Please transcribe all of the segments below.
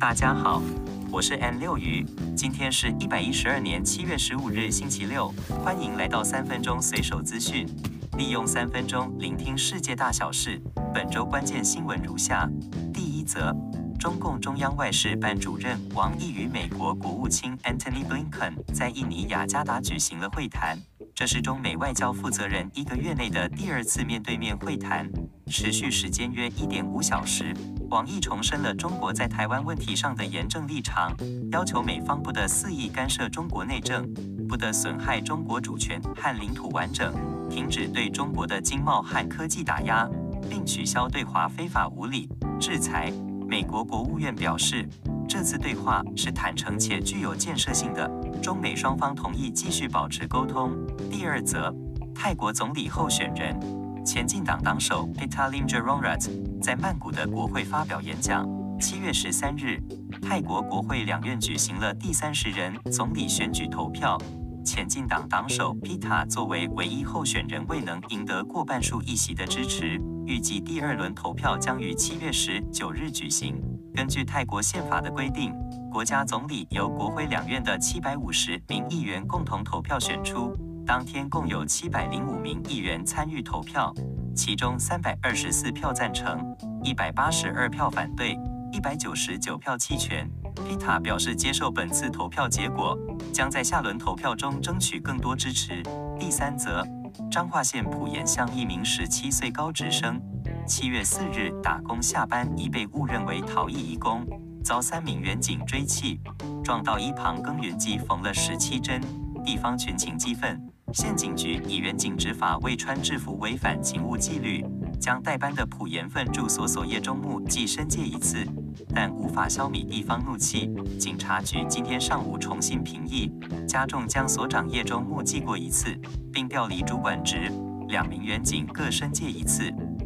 大家好，我是 M 六魚，今天是一百一十二年七月十五日星期六，歡迎來到三分鐘隨手資訊，利用三分鐘聆聽世界大小事。本周關鍵新聞如下：第一則，中共中央外事辦主任王毅與美國國務卿 Antony Blinken 在印尼雅加達舉行了會談。這是中美外交負責人一個月內的第二次面對面會談，持續時間約一點五小時。王毅重申了中國在台灣問題上的嚴正立場，要求美方不得肆意干涉中國內政，不得損害中國主權和領土完整，停止對中國的經貿和科技打壓，並取消對華非法無理制裁。美國國務院表示。這次對話是坦誠且具有建設性的。中美雙方同意繼續保持溝通。第二則，泰國總理候選人前進黨黨首 Pita Limjaroenrat 在曼谷的國會發表演講。七月十三日，泰國國會兩院舉行了第三十任總理選舉投票。前進黨黨首 Pita 作為唯一候選人，未能贏得過半數議席的支持。預計第二輪投票將於七月十九日舉行。根據泰國憲法的規定，國家總理由國會兩院的七百五十名議員共同投票選出。當天共有七百零五名議員參與投票，其中三百二十四票贊成，一百八十二票反對，一百九十九票棄權。皮塔表示接受本次投票結果，將在下輪投票中爭取更多支持。第三則，彰化縣埔鹽鄉一名十七歲高職生。七月四日，打工下班已被誤認為逃逸移工，遭三名員警追擊，撞到一旁耕耘機縫了十七針，地方群情激憤。縣警局以員警執法未穿制服違反勤務紀律，將帶班的埔鹽分駐所所長葉中木記申誡一次，但無法消弭地方怒氣。警察局今天上午重新評議，加重將所長葉中木記過一次，並調離主管職，兩名員警各申誡一次。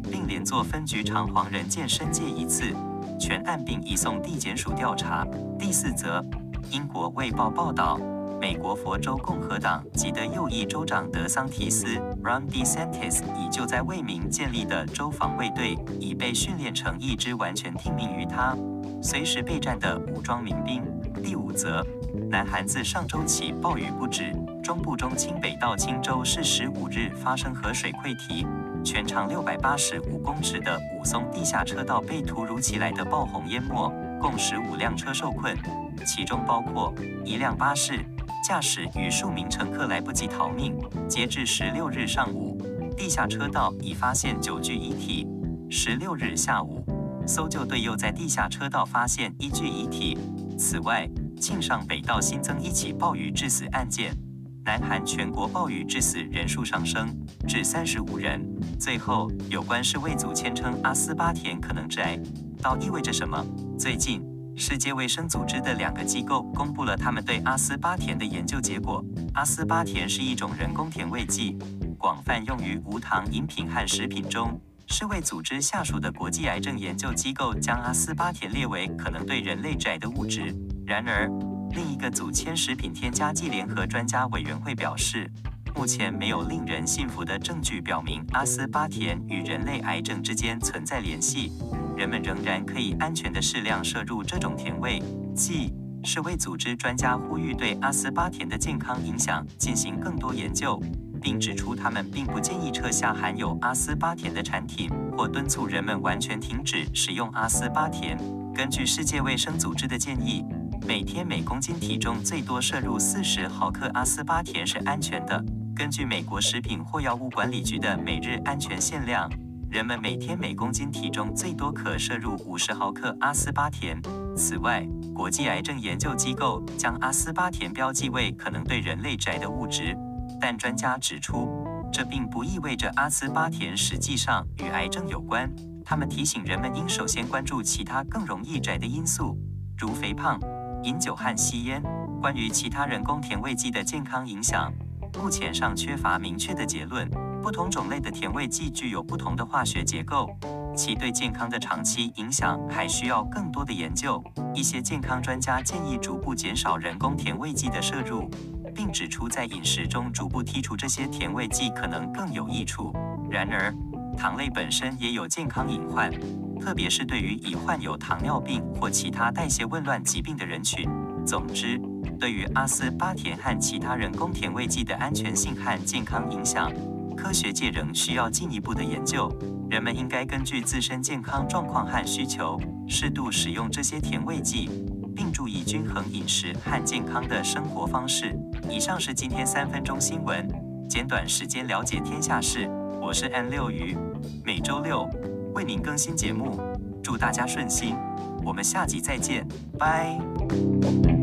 並連坐分局長黃仁健申誡一次，全案並移送地檢署調查。第四則，英國衛報報道，美國佛州共和黨籍的右翼州長德桑提斯 r u m n e y Santis） 已就在為名建立的州防衛隊已被訓練成一支完全聽命於他、隨時備戰的武裝民兵。第五則，南韓自上週起暴雨不止，中部中清北到清州市十五日發生河水潰堤。全長六百八十五公尺的武松地下車道被突如其來的暴洪淹沒，共十五輛車受困，其中包括一輛巴士，駕駛與數名乘客來不及逃命。截至十六日上午，地下車道已發現九具遺體。十六日下午，搜救隊又在地下車道發現一具遺體。此外，慶尚北道新增一起暴雨致死案件。南韓全國暴雨致死人數上升至三十五人。最後，有關世衛組簽稱阿斯巴甜可能致癌，到意味着什麼？最近，世界衛生組織的兩個機構公佈了他們對阿斯巴甜的研究結果。阿斯巴甜是一種人工甜味劑，廣泛用於無糖飲品和食品中。世衛組織下屬的國際癌症研究機構將阿斯巴甜列為可能對人類致癌的物質。然而，另一個組織食品添加劑聯合專家委員會表示，目前沒有令人信服的證據表明阿斯巴甜與人類癌症之間存在聯繫。人們仍然可以安全的適量攝入這種甜味劑。世衛組織專家呼籲對阿斯巴甜的健康影響進行更多研究，並指出他們並不建議撤下含有阿斯巴甜的產品，或敦促人們完全停止使用阿斯巴甜。根據世界衛生組織的建議。每天每公斤體重最多攝入四十毫克阿斯巴甜是安全的。根據美國食品或藥物管理局的每日安全限量，人們每天每公斤體重最多可攝入五十毫克阿斯巴甜。此外，國際癌症研究機構將阿斯巴甜標記為可能對人類致癌的物質。但專家指出，這並不意味着阿斯巴甜實際上與癌症有關。他們提醒人們應首先關注其他更容易致癌的因素，如肥胖。飲酒和吸煙。關於其他人工甜味劑的健康影響，目前尚缺乏明確的結論。不同種類的甜味劑具有不同的化學結構，其對健康的長期影響還需要更多的研究。一些健康專家建議逐步減少人工甜味劑的攝入，並指出在飲食中逐步剔除這些甜味劑可能更有益處。然而，糖類本身也有健康隱患。特別是對於已患有糖尿病或其他代謝紊亂疾病的人群。總之，對於阿斯巴甜和其他人工甜味劑的安全性和健康影響，科學界仍需要進一步的研究。人們應該根據自身健康狀況和需求，適度使用這些甜味劑，並注意均衡飲食和健康的生活方式。以上是今天三分鐘新聞，簡短，短時間了解天下事。我是 N 六魚，每周六。為您更新節目，祝大家順心，我們下集再見，拜拜。